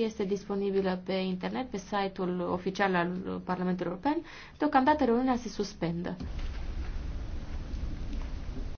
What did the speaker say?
și este disponibilă pe internet, pe site-ul oficial al Parlamentului European. Deocamdată reuniunea se suspendă.